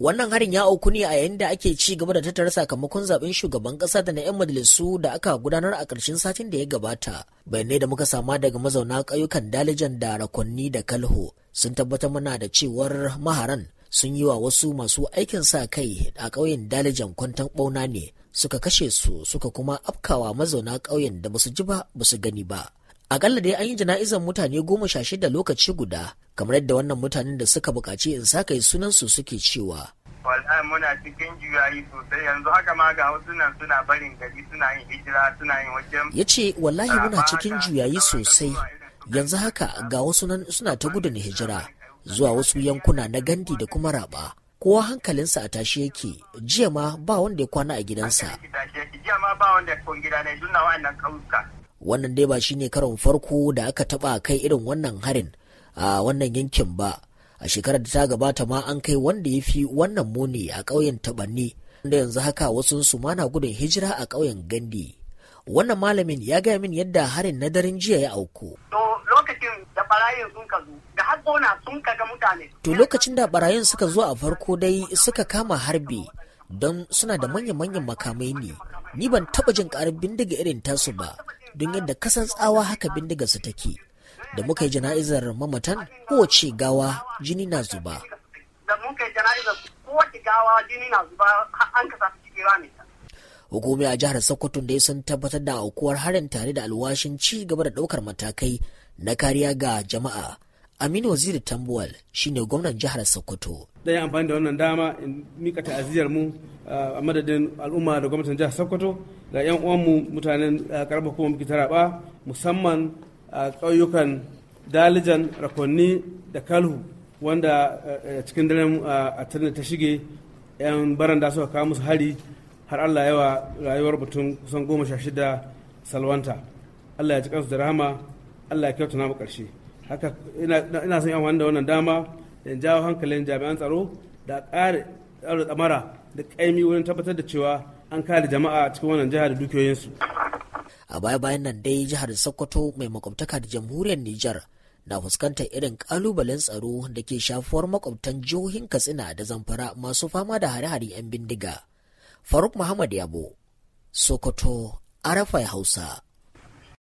Wannan harin ya auku ne a yayin da ake ci gaba da tattara sakamakon zaben shugaban kasa da na 'yan majalisu da aka gudanar a ƙarshen satin da ya gabata. Bayanai da muka sama daga mazauna ƙauyukan Dalijan da Rakonni da Kalho sun tabbatar mana da cewar maharan sun yi wa wasu masu aikin sa kai a ƙauyen Dalijan kwantan ɓauna ne suka kashe su suka kuma afkawa mazauna ƙauyen da basu ji ba basu gani ba. Akalla dai an yi jana'izan mutane goma sha shida lokaci guda kamar yadda wannan mutanen da suka buƙaci in saka sunansu suke cewa. Wallahi muna cikin juyayi sosai yanzu haka ma ga wasu nan suna barin gari suna yin hijira suna yin wajen. Ya ce wallahi muna cikin juyayi sosai yanzu haka ga wasu nan suna ta gudun hijira zuwa wasu yankuna na gandi da kuma raba. Kowa hankalinsa a tashi yake jiya ma ba wanda ya kwana a gidansa. Jiya ma ba wanda ya ne wannan dai ba karon farko da aka taba kai irin wannan harin. a wannan yankin ba a shekarar da ta gabata ma an kai wanda ya fi wannan muni a ƙauyen tabanni wanda yanzu haka wasu su mana gudun hijira a ƙauyen gandi wannan malamin ya gaya min yadda harin na daren jiya ya auku to lokacin da barayin suka zo a farko dai suka kama harbi don suna da manya-manyan makamai ne ni ban taba jin karar bindiga irin tasu ba don yadda kasan tsawa haka bindiga su take da muka yi jana'izar mamatan kowace gawa jini na zuba hukumi a jihar sokoto dai sun tabbatar da aukuwar harin tare da alwashin ci gaba da ɗaukar matakai na kariya ga jama'a aminu waziri tambuwal shine gwamnan jihar sokoto zan amfani da wannan dama in mika ta'aziyar mu a madadin al'umma da gwamnatin jihar sokoto ga yan uwanmu mutanen karba kuma muke taraba musamman a ƙauyukan dalijan rakonni da kalhu wanda eh, eh, cikin daren eh, a ta shige 'yan baranda suka kawo musu hari har allah yawa rayuwar mutum kusan goma sha shida salwanta allah ya ci kansu da rahama allah ya kyauta namu ƙarshe haka ina son amfani da wannan dama in jawo hankalin jami'an tsaro da ƙare tsaro tsamara da ƙaimi wurin tabbatar da cewa an kare jama'a cikin wannan jihar da dukiyoyinsu. a baya bayan nan dai jihar sokoto mai makwabtaka da jamhuriyar nijar na fuskantar irin kalubalen tsaro da ke shafuwar makwabtan jihohin katsina da zamfara masu fama da hare-hare 'yan bindiga faruk muhammad yabo sokoto arafai hausa